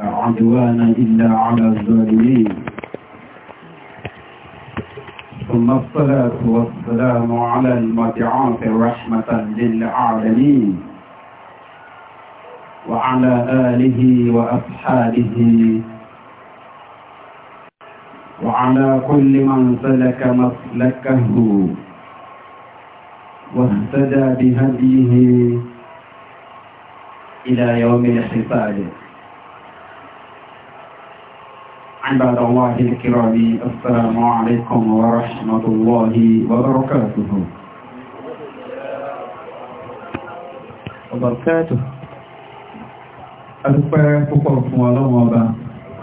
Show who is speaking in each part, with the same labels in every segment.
Speaker 1: عدوانا إلا على الظالمين ثم الصلاة والسلام على المبعوث رحمة للعالمين وعلى آله وأصحابه وعلى كل من سلك مسلكه واهتدى بهديه إلى يوم الحساب عباد الله الكرام السلام عليكم ورحمة الله وبركاته وبركاته أدفع فقركم ولو وبركاته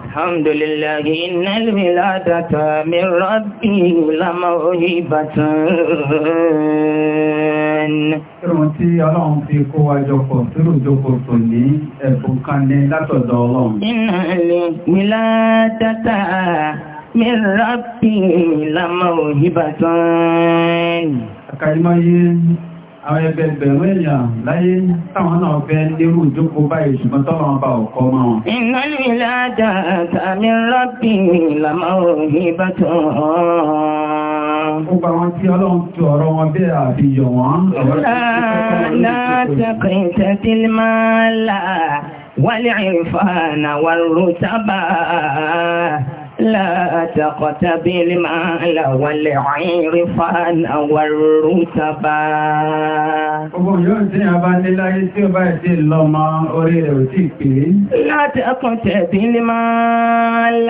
Speaker 2: الحمد لله إن الولادة من ربي لموهبة ثمنا
Speaker 1: Irun tí Ọlọ́run fi kó wa jọpọ̀ sírù jọpọ̀ tò ní ẹ̀bùn kan ní látọ̀dọ̀
Speaker 2: Ọlọ́run. Iná àwọn
Speaker 1: ẹgbẹ̀gbẹ̀rún èèyàn láyé táwọn náà fẹ́ lérú ìjókòó báyìí ṣùgbọ́n tọ́lọ ọba ọ̀kọ́ ma
Speaker 2: wọn. iná lílá dáadáa rọ́bì lámọ́ ìbá tó hàn. ó bá wọn tí ọlọ́run لا تقتبل المال والعير فانا والرتبا لا تقتبل المال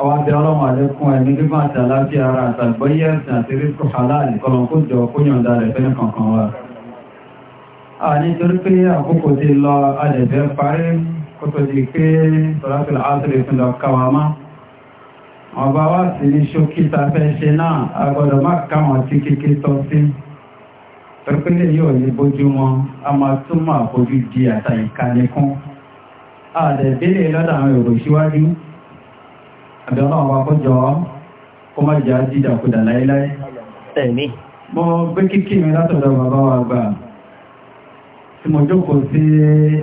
Speaker 1: àwọn abẹ́ ọlọ́run àlékún ẹ̀mí gbígbà àti àlàáfíà ara àtàgbọ́yé ẹ̀sìn àti rísù halal kọlọ̀ kó jọ kó yọ̀ǹda rẹ̀ fẹ́ kankan wa. a nítorí pé àkókò ti lọ adẹ̀fẹ́ parí kó tó di pé tọ́láfíà ásìrì fún lọ káwa má. ọba wa sì yóò ní bójú wọn a máa túmọ̀ àbójú di àtàyíká nìkan. àdẹ̀bẹ́lẹ̀ lọ́dọ̀ àwọn èrò síwájú àbẹ̀ ọ̀nà ọba kọjọ kó má jà jíjà kúdà láíláí ẹ̀mí mo gbé kíkí mi látọ̀dọ̀ bàbá wa gbà tí mo jókòó sí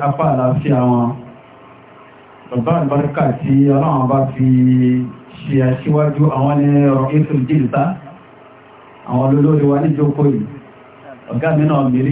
Speaker 1: apá àlàáfíà wọn bàbá àlùbáríkà tí ọlọ́run bá fi ṣe aṣíwájú àwọn ní ọ̀rọ̀ ètò jìlta àwọn olólórí wa ní jókòó yìí ọ̀gá mi náà mìírí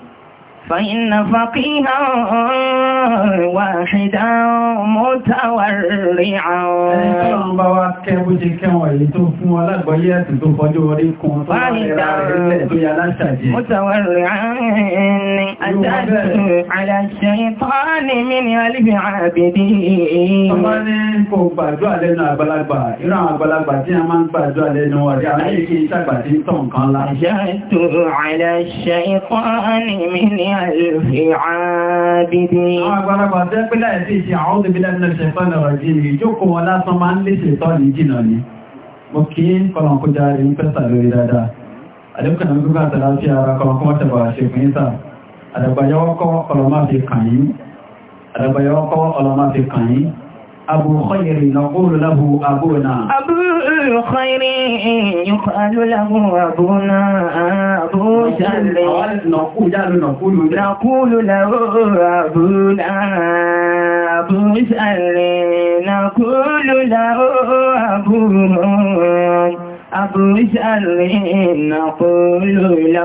Speaker 2: فإن فقيها واحدا متورعا Ọlọ́run
Speaker 1: bá wá kẹ́bú ṣe kẹwọ̀n èyí tó fún wọn lágbọ́yé ẹ̀sìn tó fọjú orí kan tó wá rẹ̀ra rẹ̀ tó yà láṣàjì.
Speaker 2: Mọ́tàwárìá ni àjájú àlàṣẹ ìtọ́ni mi ni alìbì
Speaker 1: àbìdì. Ọmọ ní kò gbàdúrà lẹ́nu
Speaker 2: àgbàlagbà, irú àwọn àgbàlagbà tí a máa ń gbàdúrà lẹ́nu ọ̀rẹ́ àwọn èyí kí ń ṣàgbà tí ń tàn kan lá. Àjájú àlàṣẹ ìtọ́ni mi ni الله عابدين àgbàlagbà tẹ́ pé láì sí ìṣẹ́ àwọn òdìbílẹ̀ ní
Speaker 1: ọlọ́mà fi kàn yí أبو خير نقول له أبونا
Speaker 2: أبو خير يقال له أبونا أبو جل نقول له أبونا أبو جل نقول له أبونا أبو سألين نقول له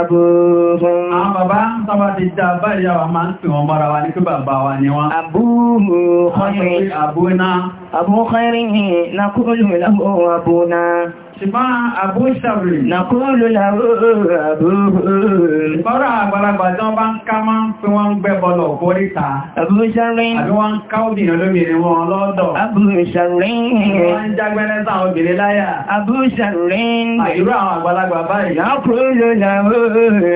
Speaker 2: أبوه Àwọn bàbá ń tọ́bá ti dá báyìí àwọn
Speaker 1: máa ń fi wọn mọ́ra wa ní kí bàbá wa ni wọ́n. Àbúhù kọ́rin. Àbúná.
Speaker 2: Àbúkọ́rin ní nàkúrò lọ́wọ́ àbúná ṣìbá àbú ìṣàbì nàkúrò làwọ́ àbú ìṣọ́rọ̀ àgbàlagbà tí wọ́n bá ń ká máa ń fi wọ́n
Speaker 1: ń gbẹ́ bọ́lọ̀ fóríta àbú ìṣàbì àbí wọ́n ń ká obìnrin olómìnir wọn lọ́dọ̀ àbú
Speaker 2: ìṣàbì wọ́n ń jágbẹ́lẹ́ sáwọn obìnrin láyà àbú ìṣàbì àìrú àwọn àgbàlagbà báyìí nàkúrò làwọ́ àbú ìṣàbì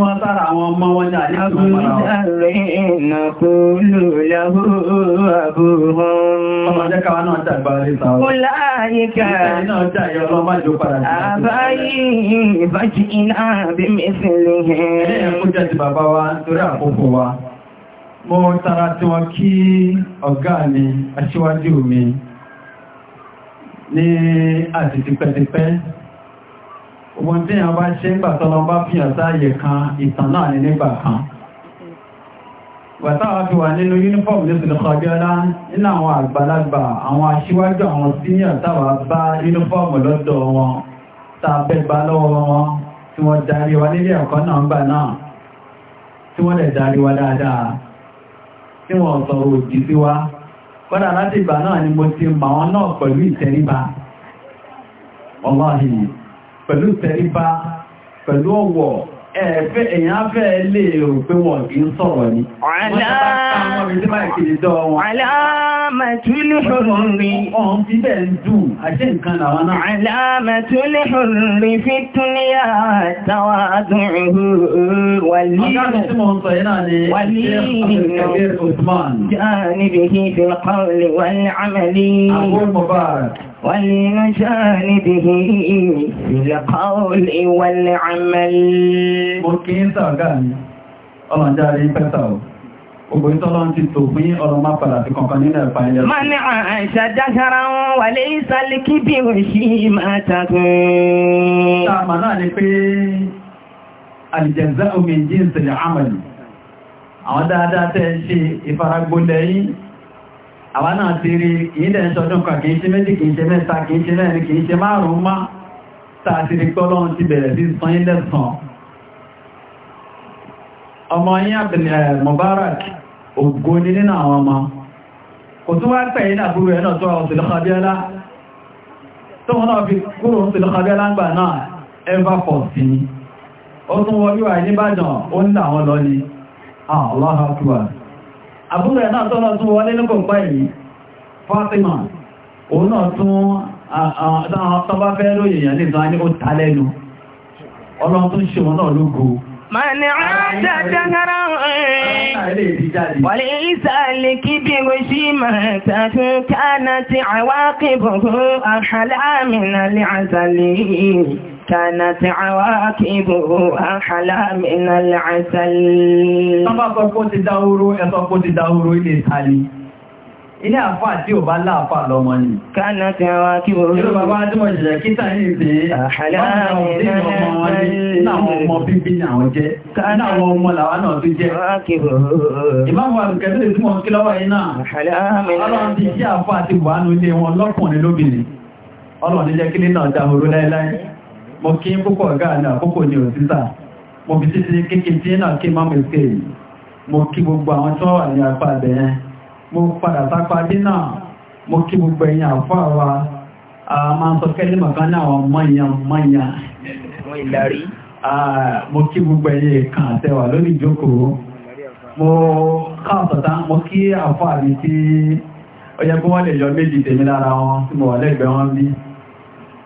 Speaker 1: nàkúrò
Speaker 2: làwọ́ àbú ìka àbáyé ìbájí iná wa wa mo tara tí wọ́n kí ọ̀gá
Speaker 1: mi aṣíwájú mi ní àti tipẹ́tipẹ́ ogun tí a bá ṣe ń gbà tọ́lọ bá kan ìtàn nígbà kan Bàtàwà fi wà nínú uniform ní Sìlìkọ̀gẹ́lá nínú àwọn àgbàlagbà àwọn aṣíwájú àwọn senior tàwà bá uniform lọ́dọ̀ wọn tàbẹ́ bá lọ́wọ́ wọn tí wọ́n darí wa nílé ẹ̀kọ́ náà bà náà tí wọ́n lè darí wa dáadáa tí wọ́n sọ̀rọ̀ òjì sí wa. Kọ́dà láti ìgbà náà ni mo ti mọ̀ wọn náà pẹ̀lú ìtẹríba. Wallahi, ẹ̀fẹ́ èyàn fẹ́ lè rò pé wọ́n kí ń sọ̀rọ̀ ní. Àlámàtúlé
Speaker 2: hùrùnrí. Ọ̀n fi fi túnlẹ̀ àtàwà àdùnrùn-ún. ولي جان به في القول والعمل ولنجان به في القول والعمل ممكن تغاني
Speaker 1: الله جاري بتاو Ogun tọ́lọ́ ti tò fún ọ̀rọ̀ máa padà sí kankan
Speaker 2: nínú ẹ̀fà ilẹ̀. Má
Speaker 1: aljẹ̀zá omi jíǹsì lè àmàlì àwọn dáadáa tẹ́ ṣe ìfaragbólẹ̀ yìí àwọn náà ti rí ìyíndẹ̀ ṣọdún kan kìí ṣe méjì kìí ṣe mẹ́ta kìí ṣe mẹ́rin kìí ṣe márùn-ún má tààtìrí pọ́lọ́run ti bẹ̀rẹ̀ eh, Mubarak ògo ní nínú àwọn ọmọ kò tún wá pẹ̀yìn àbúrò ẹ̀ náà tó àwọn òsìlọ́kàbíọ́lá tó sí ni ọdún tún wọ bí wà níbàdàn ó ń là wọn lọ ni ah, Allahu Akbar náà tọ́lọ tún wọlé ní kòpá yìí Fatima òun náà tún tọ́bá fẹ́ lóyìn yẹn nìtọ́ ní lẹ́nu ọlọ́run tún ṣe
Speaker 2: náà كانت عواكبه أحلى من العسل
Speaker 1: Tọ́bá sọ kó ti dá oró, ẹ̀sọ́ kó ti dá oró ilé ìtàlì. Ilé àfáà tí ò bá láàfà lọmọ ni. Kánà tí a wá kí oró. Ìlú bàbá Adúmọ̀ ìjìnlẹ̀ kíta ní ìpé. Àhàlá àwọn ọmọ bíbí ni àwọn jẹ́. Kánà àwọn ọmọ làwá náà tó jẹ́. Ìmáàmù àrùkẹ́ tó mọ̀ kí lọ́wọ́ iná. Ọlọ́run ti jẹ́ àfáà ti wà nú ilé wọn lọ́kùnrin lóbìnrin. Ọlọ́run jẹ́ kí mo kí púpọ̀ ọga ní àkókò ní òsísà mo fi títí kéèkéé tí náà kí máa mo kí gbogbo àwọn tí wọ́n wà ní apá àbẹ̀yẹn mo padà sápá dí náà mo kí gbogbo ẹ̀yìn àfọ́ àwa àmà sọ kẹ́lì màkán ní àwọn mọ́yàn mọ́yàn mo gbogbo kan lori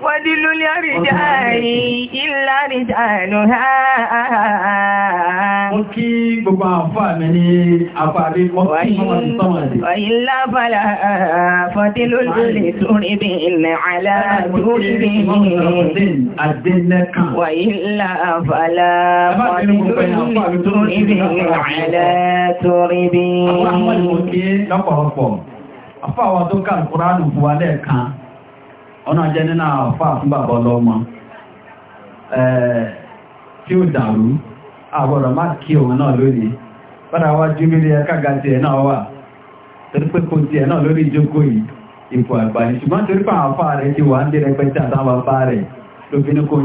Speaker 2: Wàdílú lè rìjáàrí ìlà rìjáàrù ha. Mo kí
Speaker 1: gbogbo àfà mi ní
Speaker 2: àfàrí mọ́sánmọ̀sánmọ̀sí. Wàílá fàlà fàdílú lè túnrí bí ilẹ̀ aláàdúrí bí àdínlẹ́kàn. Wàílá fàlà fàdílú lè túnrí bí ilẹ̀ aláàdúrí bí. Àwọn àmọ́ ìwòkí lọ́pọ̀lọpọ̀, àfà àwọn tó kà
Speaker 1: ọ̀nà jẹ́ nínú àfáà fún bàbá ọlọ́mọ tí ó dàrú àwọ̀rọ̀ má kí òun náà lónìí padà wá júmílé ẹkága ti ẹ̀ náà wà torí pé kò ti ẹ̀ náà lórí ìjókòó yìí ipò ṣùgbọ́n torí pé rẹ̀ ti wà ń dé rẹpẹtẹ àtàwọn rẹ̀ lóbinú kó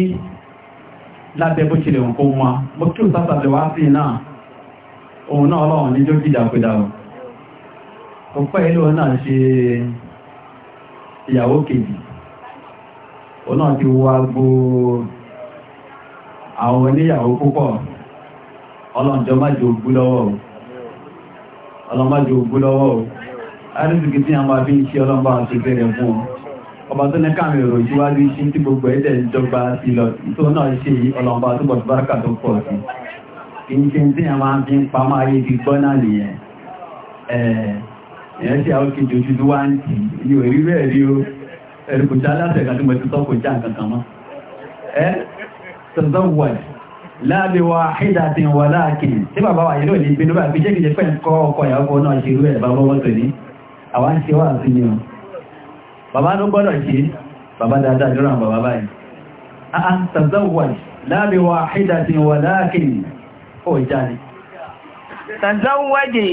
Speaker 1: ń lábẹ́ bó ṣe ǹkó wọn bó kí o sátàlẹ̀ wá sí náà òun náà ọlọ́run ní jó gídà pẹ̀dà ò pẹ́ ilé òun náà ṣe ìyàwó kejì òun náà ti wá gbó àwọn oníyàwó púpọ̀ ọlọ́njọ́ májò ogú lọ́wọ́ ọlọ́májò ogú lọ́wọ́ ọba tó ní káàmì èrò ìṣíwájú iṣẹ́ tí gbogbo ẹ̀dẹ̀ ìjọba sí lọ tó náà ṣe ọlọ́mọba tó bọ̀ báràkà tó pọ̀ sí kí ní ṣe tí a máa fi ń pamọ́ ayé ti gbọ́ náà nìyẹn ẹ̀ẹ́ ṣe àwọn kejì ojú tó wá ń tì yóò rí bẹ́ẹ̀ rí o ẹ̀rù kò já láti ẹ̀ka tí mo ti tọ́kọ̀ já nǹkan kan mọ́ ẹ́ tọ́tọ́ wọ̀ láàbí wa àhídà ti wà láàkìn tí bàbá ló gbọ́dọ̀ ṣe bàbá dáadáa lọ́rọ̀ àwọn bàbá báyìí a tazawwaj la bi wahidatin walakin ó jáde
Speaker 2: tazawwaji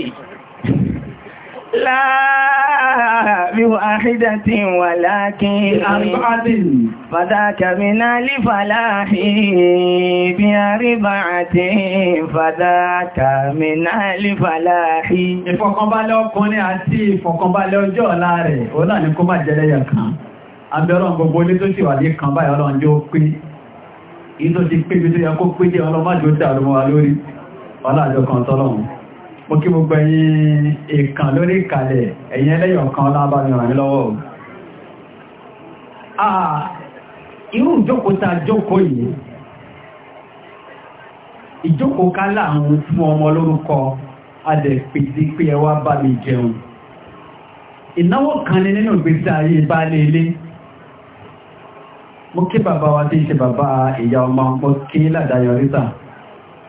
Speaker 2: لا بواحدة ولكن أربعة فذاك من الفلاح بأربعة فذاك من الفلاح ìfọ̀kànbalẹ̀ ọkùnrin àti ìfọ̀kànbalẹ̀ ọjọ́ ọ̀la rẹ̀ ó láà ní kó má jẹ́ lẹ́yẹ̀ kan
Speaker 1: abẹ́rọ̀n gbogbo ní tó sì wà ní kan báyìí ọlọ́run jẹ́ ó pé ìtò ti pé bí tó yẹ kó pé jẹ́ ọlọ́májò tẹ́ àrùmọ́ wa lórí ọlọ́àjọ́ kan tọ́lọ́run mo kí gbogbo ẹ̀yin ìkàn lórí ìkàlẹ̀ ẹ̀yin ẹlẹ́yọ̀ kan lábàrin ràn mí lọ́wọ́ irú ìjókòóta jókòó yìí ìjókòó ká láàrùn fún ọmọ lórúkọ adẹ̀pìtì pé ẹ wá bá mi jẹun ìnáwó kan ní nínú ìgbésí ayé bá lé mo kí bàbá wa tí ń ṣe bàbá ìyá ọmọ mo kí ládàyọ̀ rítà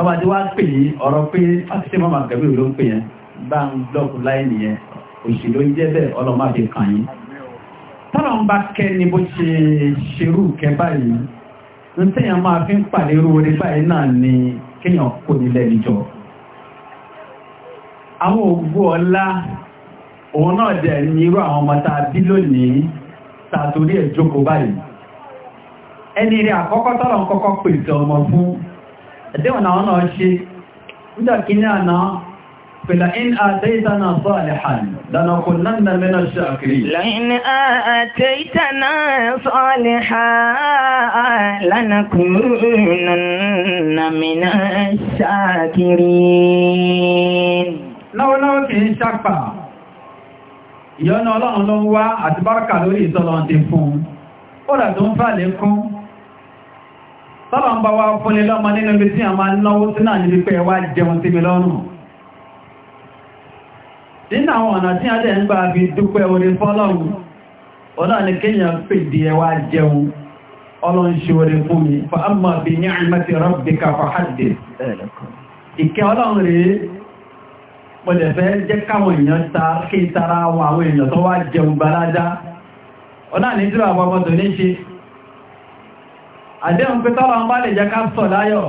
Speaker 1: tọ́wà tí wá pè ní ọ̀rọ̀ pé àtúnṣe gẹ̀bí ló ń pè yẹn bá ń blọ́ọ̀kù láì nìyẹn òṣèlú jẹ́ bẹ́ẹ̀ fi kàn ni bó ṣe ṣerú báyìí ń tẹ́yàn máa fi ń pàdé orí báyìí náà ni kò ní lẹ́ni àwọn ògbó náà dẹ̀ ní irú àwọn ọmọ tá lónìí báyìí ẹni rí àkọ́kọ́ ń ọmọ fún àdéhùn àwọn náà ṣe nígbà kìíní àná فلئن آتيتنا صالحا لنكونن من الشاكرين
Speaker 2: لئن آتيتنا صالحا لنكونن من الشاكرين لو لو كن شاكبا ìyọ́nà ọlọ́run ló ń wá àti
Speaker 1: bárkà lórí ìtọ́lọ́ndín fún ó rẹ̀ tó ń fà lékún tọ́lọ̀ ń bá wá fúnni lọ́mọ nínú ibi tí a máa náwó tí náà níbi pé jẹun ti mi lọ́rùn nínú àwọn ọ̀nà tí a jẹ́ ń gbà fi dúpẹ́ orí fọ́lọ́run ọ̀nà ni kíyàn pè di ẹwà jẹun ọlọ́nṣe orí fún mi fa amma bi ni'mati tara àdéhùn pé tọ́lọ ń bá lè jẹ́ ká sọ láyọ̀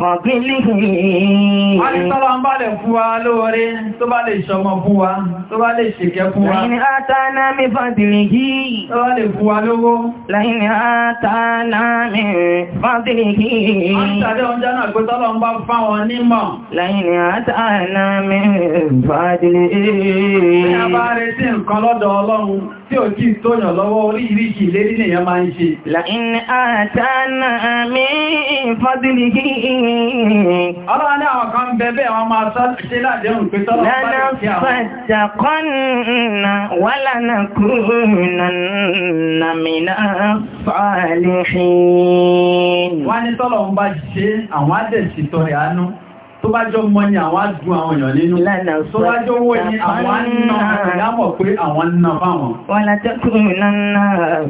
Speaker 2: fọ̀bílìhì. A ní sọ́lọ́ ń bá lè fún wa lóore tó bá lè ṣọmọ fún wa, tó bá lè mi fọ̀bílìhì. Tó bá lè fún wa lówó. Lẹ́yìn mi fọ̀bílìhì. A ń tàbí ọjọ́ náà pé sọ́lọ́ ń bá fáwọn nímọ̀. Lẹ́yìn àtànà mi fọ̀bílìhì tí ò kí tóyàn lọ́wọ́ oríṣiríṣi ìlérí nìyàn máa ń ṣe. mi fọ̀bílìhì. Ọlọ́run àwọn kan bẹ̀bẹ̀ wọn máa ṣe láàdẹ́hùn pé tọ́lọ̀ bá lè kí àwọn. Lẹ́nà fàjàkọ́nà wà lánà kúrò nàmìnà fàálẹ́ṣìn. Wọ́n ní tọ́lọ̀ ń bá ṣe àwọn adẹ̀ṣì tọrẹ àánú tó bá jọ mọ́ ní àwọn adùn
Speaker 1: àwọn èèyàn nínú tó bá jọ wó ní àwọn anà ìdámọ̀ pé àwọn nà
Speaker 2: fáwọn wọ́n látẹ́kùn náà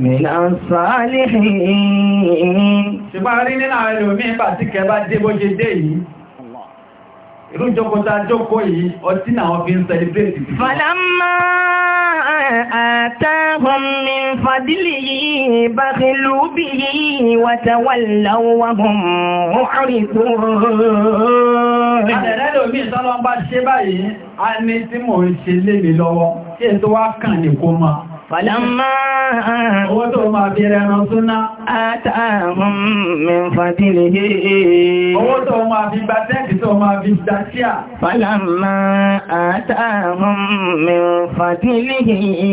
Speaker 2: mìíràn sọ́ọ́lẹ̀ ṣùgbọ́n
Speaker 1: rí nínú àwọn ẹlòmí pàtí kẹba dé bó ṣe dé yìí irú jọkọta jọkọ yìí ọtí náà fi ń celebrate.
Speaker 2: Fàlámà آتاهم من فضله بخلوا به وتولوا وهم محرصون Àrẹ̀lẹ́lò
Speaker 1: bí ṣe báyìí, a ní tí mò ń ṣe lé mi lọ́wọ́, kí ètò wá kàn ní kó máa.
Speaker 2: Fàlámà owó tó máa fi rẹran súnná. Àtàhùn min fàtílì hìí. Owó tó
Speaker 1: máa fi gba tẹ́ẹ̀kì tó máa fi dáṣíà.
Speaker 2: Fàlámà àtàhùn min fàtílì hìí.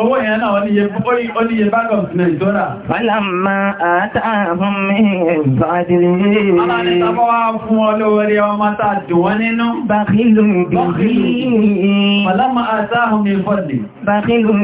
Speaker 2: Owó yẹn náà oníye bank of Nigeria. Fàlámà àtàhùn min fàtílì hìí. Ọlá ní tàbọ́ wá fún olóorí ọmọ tàà dùn wọ́n nínú. Bàkílù bìí. Bàkílù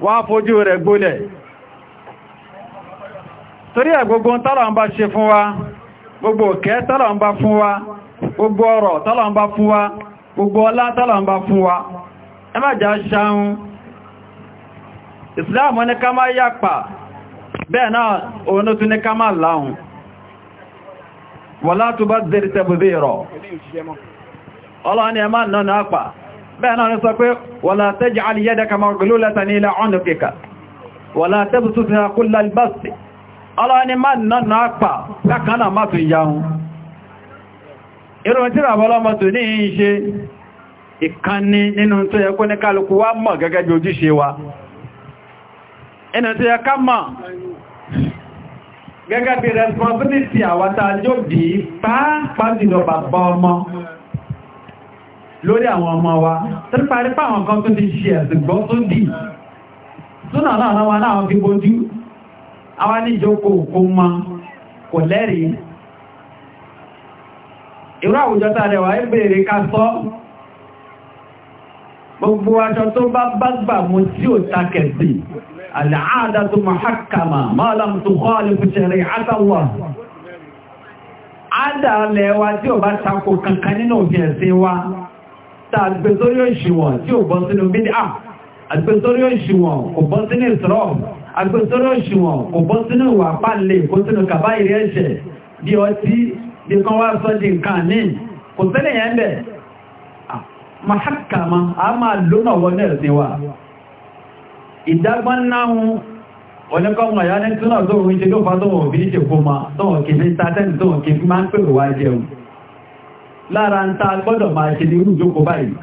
Speaker 1: wá fojú rẹ̀ gbólẹ̀ torí ẹ̀ gbogbo tọ́lọ̀ ń bá ṣe fún wa gbogbo òkẹ́ tọ́lọ̀ ń fún wa gbogbo ọrọ̀ tọ́lọ̀ ń bá fún wa gbogbo ọlá tọ́lọ̀ ń bá fún wa ẹ má jà ṣáun ìsìláàmù ní ká má yàpà bẹ́ẹ̀ náà bẹ́ẹ̀ náà ni sọ pé wala taj'al yadaka maghlulatan ila 'unuqika wala tabsutha kullal basti ọlọ́ni má nánà pà lákanáà má tún yahun irun tí ràbọ́lọ́mọ tó ní ṣe ìkanni nínú tó yẹ kó ní kálukú wá mọ̀ gẹ́gẹ́ bí ojúṣe wa inú tó yẹ ká mọ̀ gẹ́gẹ́ bí pàápàá jùlọ bàbá ọmọ lórí àwọn ọmọ wa tẹ́lifàrípà àwọn kan tó ti ṣe ẹ̀sìgbọ́ tó dì súnà náà wá náà fi bójú àwọn níjókò kó ma kò lẹ́rí irú àwùjọ tààrẹ wà ìbèèrè ká sọ gbogbo aṣọ tó bá bágbà mú tí ò takẹ̀sì àlàáàdá tó mọ̀ hákàmà máa tí ò bá takò kankan nínú òfin ẹ̀sìn wa ta àgbẹ̀sórí òṣìwọ̀n tí ò bọ́ sínú bídá àgbẹ̀sórí òṣìwọ̀n kò bọ́ sínú ìsọ́rọ̀ àgbẹ̀sórí òṣìwọ̀n kò bọ́ sínú ìwà pàlẹ̀ kó sínú kàbá ìrẹ́ ẹ̀ṣẹ̀ bí ọtí bí kan wá sọ di nǹkan ní kò sẹ́lẹ̀ yẹn bẹ̀ mahakama a máa lónà wọnú ẹ̀sìn wa ìdágbọ́n náà wọ́n kọ́ mọ̀ ya ní túnà tó ń ṣe lára ń ta gbọ́dọ̀ máa ṣe ní irújó kò báyìí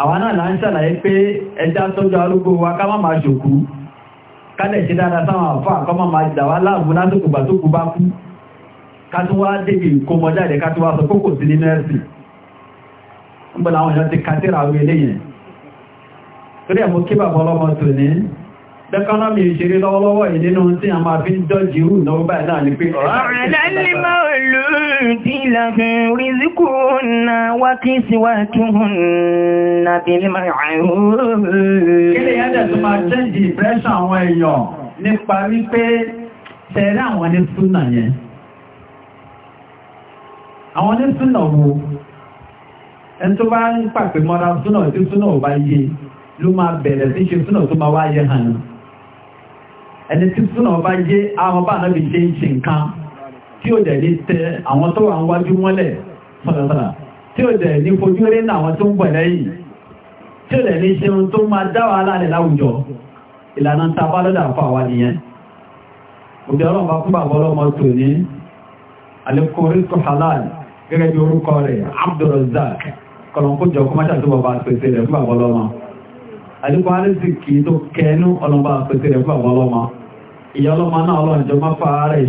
Speaker 1: àwọn náà là ń ṣàlàyé pé ẹjá tọ́jú arúgbó wa ká má máa ṣòkú kálẹ̀ ṣe dára sáwọn àfáà kọ́ má máa dàwà láàbù lásìkò bà tó kú bá kú ká tún wá débi kó mọ jáde ká tún wá sọ kókò sí nínú ẹ̀sìn ń ìṣeré lọ́wọ́lọ́wọ́ ìnínú tí a máa fi ń jọ́jì irú ìnáwó báyìí náà ní pé ọ̀rọ̀
Speaker 2: لهن رزقهن وكسوتهن بالمعروف Ilé ẹ̀dẹ̀ tó máa jẹ́
Speaker 1: ìbẹ́ṣà àwọn èèyàn nípa wípé tẹ̀rẹ àwọn ní súnà yẹn. Àwọn ní súnà wo, ẹni tó bá ń pàpẹ mọ́ra súnà tí súnà ò bá yé ló máa bẹ̀rẹ̀ sí ṣe súnà tó máa wáyé hàn. Ẹni tí súnà bá yé àwọn bá náà bí ṣe ń ṣe nǹkan tí ó dẹ̀ ní tẹ àwọn tó wà ń wájú mọ́lẹ̀ sọ̀rọ̀sọ̀rọ̀ tí ó dẹ̀ ní fojú rí ní àwọn tó ń bọ̀ lẹ́yìn tí ó dẹ̀ ní ṣe ohun tó máa dá wàhálà rẹ̀ láwùjọ ìlànà tàbá lọ́dà fún àwa nìyẹn òbí ọlọ́run bá fún bàbá ọlọ́mọ tò ní alẹ́kọ̀ọ́rí tó halal gẹ́gẹ́ bí orúkọ rẹ̀ Abdulrazak kọlọ̀kójọ kọmọ́ṣà tó bàbá ìyá ọlọ́mọ náà ọlọ́run jọ má fa ara ẹ̀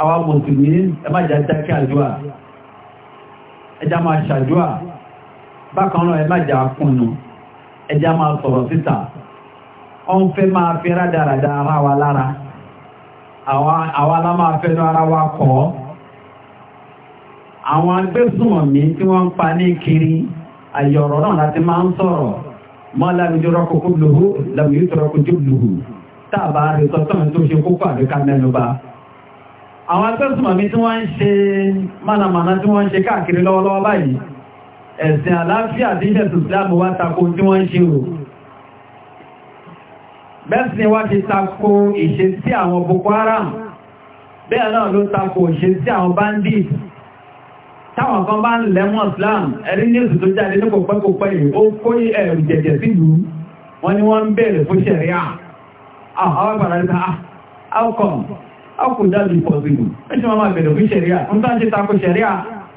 Speaker 1: àwọn mùsùlùmí ẹ má jà dákẹ́ àdúrà ẹjá máa ṣàdúrà bákan náà ẹ má jà kùnù ẹjá máa sọ̀rọ̀ síta wọ́n fẹ́ máa fi rádaràdà ara wa lára àwọn alámáfẹ́nu ara wa kọ́ àwọn agbésùnmọ̀mí tí wọ́n ń pa ní kiri àyọ̀rọ̀ náà láti máa ń sọ̀rọ̀ mọ́ lábíjọ́rọ̀ kókó lòhú lábíjọ́rọ̀ kókó lòhú tàbá àrẹ́sọ́tọ̀ tó ṣe kókó àríká mẹ́nubá àwọn akẹ́sùmọ̀mí tí wọ́n ń ṣe mánàmánà tí wọ́n ń ṣe káàkiri lọ́wọ́lọ́wọ́ báyìí ẹ̀sìn àlàáfíà tí ìṣẹ̀tù islam wá tako tí wọ́n ń ṣe rò bẹ́ẹ̀sìn wá ti tako ìṣe sí àwọn boko haram bẹ́ẹ̀ náà ló tako ìṣe sí àwọn bandit táwọn kan bá ń lẹ́mọ̀ islam ẹ̀rí ní èsù tó jáde ní kòpẹ́kòpẹ́ yìí ó kó ẹ̀rù jẹ̀jẹ̀ sílùú wọ́n ni wọ́n ń bèèrè fún ṣẹ̀ríà ah, àwọn àpàdánilá ah, outcome akùndàlì pọ̀sìlù ẹjọ́ máa bẹ̀rẹ̀ fún ṣẹ̀ríà ń tán ṣe takò ṣẹ̀ríà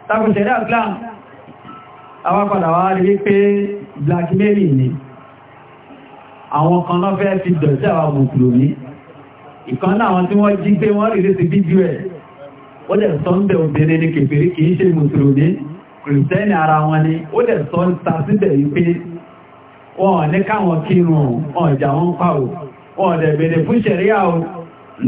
Speaker 1: takò ṣẹ̀ríà islam awápadà wá pe wípé blackberry ni àwọn kan náà fẹ́ fi ni. Ikan mùsùlù ní ìkan náà àwọn tí wọ́n jí gbé wọ́n rèé sí fídíò ẹ̀ ó dẹ̀ sọ ń bẹ̀ obìnrin ní kèfèrí kìí ṣe mùsùlù ní kìrìsẹ́nì ara wọn ni ó dẹ̀ sọ ń ta síbẹ̀ wípé wọn ní káwọn kírun ọ̀jà wọn pa ò wọn dẹ̀ bẹ̀rẹ̀ fún ṣẹ̀ríà o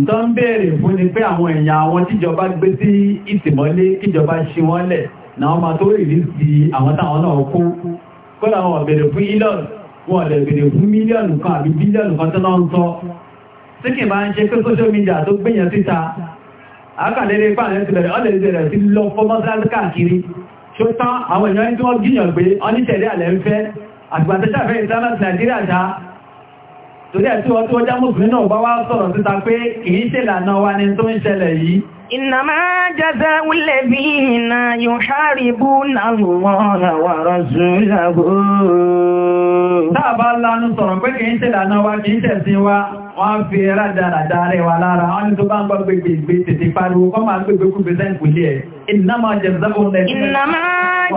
Speaker 1: tó ń béèrè fún ni pé àwọn èèyàn àwọn tíjọba gbé sí ìtìmọ́lé kíjọba wọ́n lẹ̀ na wọ́n ma tó rìrí sí àwọn táwọn náà kó kọ́lá wọn bèèrè fún ilọ́n wọn fún kan àbí bílíọ̀nù kan tó náà ń tí kì bá ń ṣe pé social media tó gbìyàn síta akàlẹ́rẹ́ pààrẹ́ ti bẹ̀rẹ̀ ti bẹ̀rẹ̀ torí àti
Speaker 2: wọ́n tó já mùsùlùmí náà bá wá sọ̀rọ̀ síta pé kìí ṣe lànà wa ni tó ń ṣẹlẹ̀ yìí Innama máa gbẹ̀gbẹ̀ kú bẹ̀sẹ̀ ìpìlẹ̀. Innama jazaa'ul ladhina. Innama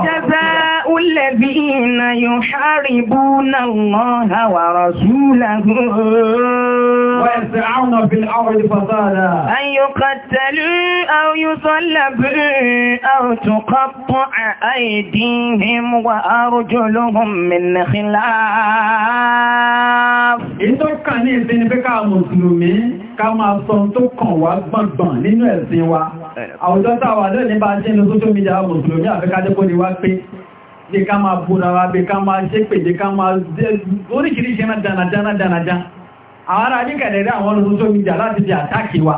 Speaker 2: jazaa'ul الذين يحاربون الله ورسوله ويسعون في الأرض فسادا أن يقتلوا أو يصلبوا أو تقطع أيديهم وأرجلهم من خلاف ìtọ́kà ní
Speaker 1: ìsinmi pé ká mùsùlùmí ká máa sọ tó kàn wá gbọ̀ngbọ̀n nínú ẹ̀sìn wa àwùjọ táwà lónìí bá jẹ́ ní social media mùsùlùmí àfikádẹ́kò ni wá pé jẹ́ ká máa búra wa bí ká máa ṣépè jẹ́ ká máa oríṣìíríṣìí náà dánadáná dánadáná já ará níkẹ̀ẹ̀rẹ̀ àwọn olóòtú mídíà láti fi àtàkì wa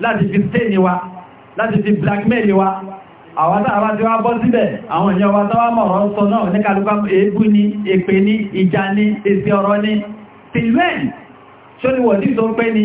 Speaker 1: láti fi tẹ́ni wa láti fi blackmail wa àwọn tàbá tí wá bọ́ síbẹ̀ àwọn èèyàn wa tọ́wà mọ̀rọ̀ sọ náà ní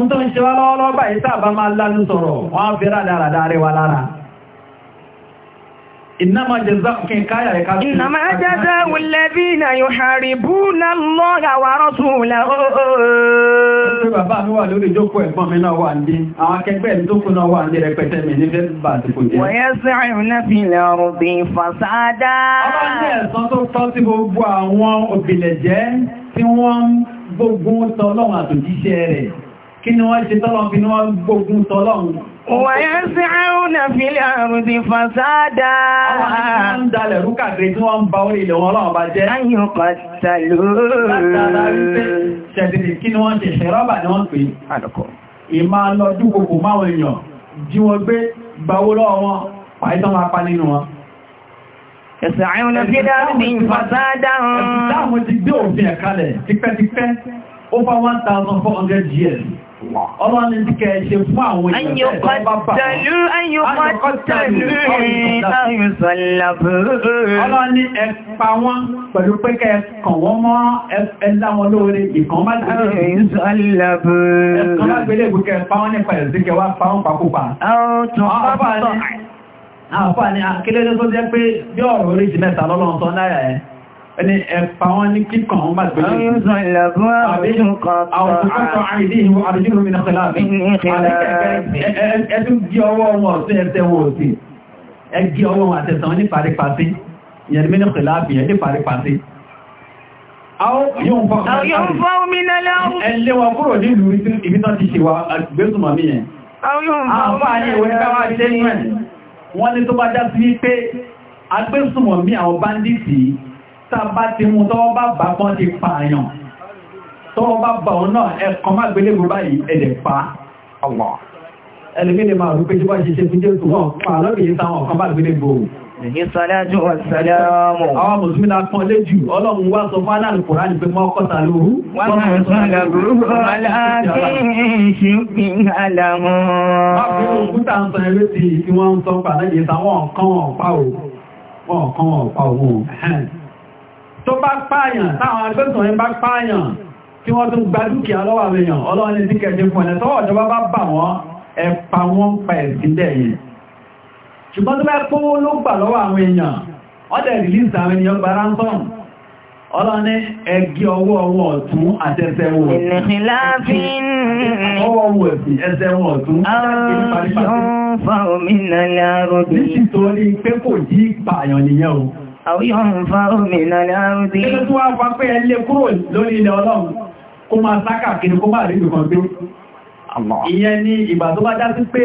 Speaker 1: ń tó ń ṣe wá lọ́wọ́lọ́wọ́ báyìí máa lánú sọ̀rọ̀ wọ́n fẹ́ra lára dáre wa إنما جزاء إنما جزاء
Speaker 2: الذين يحاربون
Speaker 1: الله ورسوله Bàbá mi wà lórí ìjókòó ẹ̀gbọ́n mi náà wà ní, àwọn akẹgbẹ́ ẹ̀mí tó kú náà wà ní rẹpẹtẹ mi ní Vẹ́sbà gbogbo àwọn òbìlẹ̀jẹ́ àtòjíṣẹ́ rẹ̀ kí ni wọ́n ṣe tọ́lọ́n fi ní wọ́n
Speaker 2: gbógun tọ́lọ́run wọ̀nyẹ́ sí àrùn àfilẹ̀ àrùn ti fasádà àwọn ìdálẹ̀ rúkàkiri tí wọ́n ń ba orí ilẹ̀ wọn lọ́wọ́ bá jẹ́ ayùn pàtàlù látàrà wípé
Speaker 1: ṣẹ̀dìdì kí ni wọ́n ṣe ṣẹ̀rọ́bà ni wọ́n pè ìmá gbé gbawó lọ́wọ́ wọn pàítọ́ máa pa Ọlọ́run ti kẹ́ ṣe fún àwọn èèyàn tẹ́ bá bá wọn. Ayọ̀kọ́ tẹ̀lú ayọ̀sọ̀làbù. Ọlọ́run ni ẹ pa wọ́n pẹ̀lú pé kẹ́ akílẹ́lẹ́ tó jẹ́ pé bí ọ̀rọ̀ orí ti lọ́lọ́run tán náírà ẹ̀ ẹni ẹ̀fà wọn ní kíkàn wọn bá gbẹ̀lẹ̀. Àwọn ìrìnṣọ́ ìlàgún àrùn kan àwọn òkúkọ́ àìdí ìwọ̀n àrùjúrò mi náà láàbí. Ẹdún gí ọwọ́ wọn sí ẹ̀tẹ́ wọn ò sí. Ẹ gí ọwọ́ wọn àtẹ̀sàn ní parípasí. Ìyẹn mi náà láàbí ẹ̀ ní parípasí. Àwọn yóò fọ́ omi náà lọ́rùn. Ẹ lé wọn kúrò nílùú ibi tán ti ṣe wa gbésùmọ̀ mí yẹn. Àwọn yóò fọ́ omi náà Wọ́n ní tó bá dá sí pé tàbá ti mú tọ́wọ́ bá bá bọ́n ti pààyàn tọ́wọ́ bá bá òun náà ẹ̀kọ́ má gbélé gbogbo yìí ẹ̀dẹ̀ pa ọ̀wọ̀ ẹlùmílè máa rú pé tí wọ́n ṣiṣẹ́ fún jésù wọ́n pa lọ́bìnrin táwọn ọ̀kan bá gbélé gbogbo Àwọn Mùsùlùmí la pọ̀ léjù, Ọlọ́run wá sọ fánà lùkùnrà ní pé mọ́ kọta lóru. Wọ́n máa sọ àgbàrú aláàkín
Speaker 2: ṣùgbìn alàmọ́.
Speaker 1: Wọ́n fi ń kúta ń sọ ẹrẹ́ ti wọ́n ń sọ pàdé ìtàwọn ọ̀kan ọ̀pá tó bá pààyàn táwọn agbẹ́sàn yẹn bá pààyàn tí wọ́n tún gba dúkìá lọ́wọ́ àwẹ̀yàn ọlọ́run ti kẹjẹ fún ẹ̀ tọ́wọ́ ìjọba bá bà wọ́n ẹpa wọ́n pa ẹ̀sìn dẹ̀yìn ṣùgbọ́n tó bá kówó ló gbà lọ́wọ́ àwọn èèyàn ọdẹ̀ rìlíìsì àwọn ènìyàn gbà rántọ́n ọlọ́ni ẹgbí ọwọ́
Speaker 2: ọwọ́ ọ̀tún àtẹsẹ̀ wọn ìrìnláàfin ọwọ́ ọwọ́ ẹ̀sìn ẹsẹ̀ wọn ọ̀tún ọ̀fà òmìnà láàrùn àwọn yóò ń fa omi náà lárúdí. Kí ló tún wá pa pé ẹ lé kúrò
Speaker 1: lórí ilẹ̀ ọlọ́run ni ìgbà tó bá já sí pé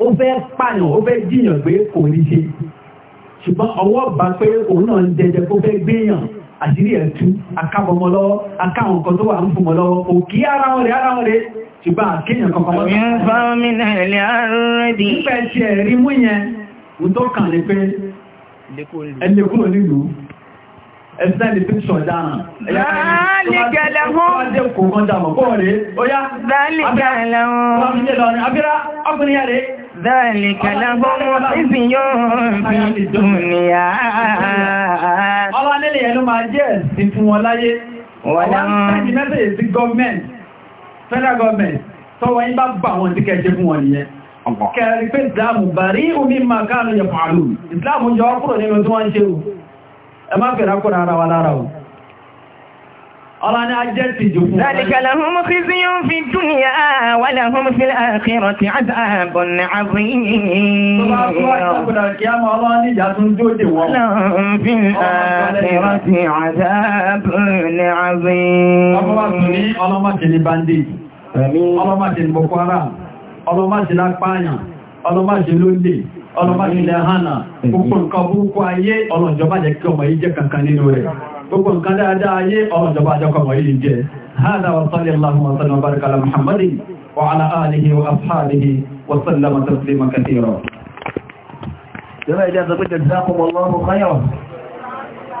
Speaker 1: ó fẹ́ pààyàn ó fẹ́ jìyàn gbé kò ní ṣe. Ṣùgbọ́n ọwọ́ bá pé òun náà ń jẹjẹ kó fẹ́ gbéyàn àṣírí ẹ̀tú akábọmọ lọ́wọ́ akáwọn kan tó wà ń fúnmọ ẹni kúrò nílùú ẹ̀sẹ́lì píṣọ̀ dáhàn Zálìkẹ̀lẹ̀ hún. Ọjọ́
Speaker 2: kò kan dámọ̀ kó rẹ̀ ó yá. Zálìkẹ̀lẹ̀ hún. Abíra ọkùnrin yà rẹ̀. Zálìkẹ̀lẹ̀ hún ìsìn yóò fi dúnìyà. Ọlá nílẹ̀ yẹn ló máa jẹ́ ẹ̀sìn fún
Speaker 1: wọn kẹrin pé ìsìláàmù bàrí omi ma káàlù yẹ fàálù ìsìláàmù jọ kúrò nínú tí wọ́n ṣe o ẹ má fèrà kúrò ara wa lára o ọlá ní ajẹ́ ti jù fún ذلك لهم خزي
Speaker 2: في الدنيا ولهم في الآخرة عذاب عظيم لهم في الآخرة عذاب
Speaker 1: عظيم ọlọ́mọ̀ tí ní bandit ọlọ́mọ̀ tí ní boko haram ọlọ́máṣe lápáyàn ọlọ́máṣe lólè ọlọ́máṣe lẹ́hànà púpọ̀ nǹkan burúkú ayé ọlọ́njọba jẹ́ kí ọmọ yìí jẹ́ kankan nínú rẹ̀ púpọ̀ nǹkan dáadáa ayé ọlọ́njọba jẹ́ ọmọ yìí jẹ́ هذا وصلى الله وسلم وبارك على محمد وعلى آله وأصحابه وسلم تسليما كثيرا
Speaker 2: جزاكم الله خيرا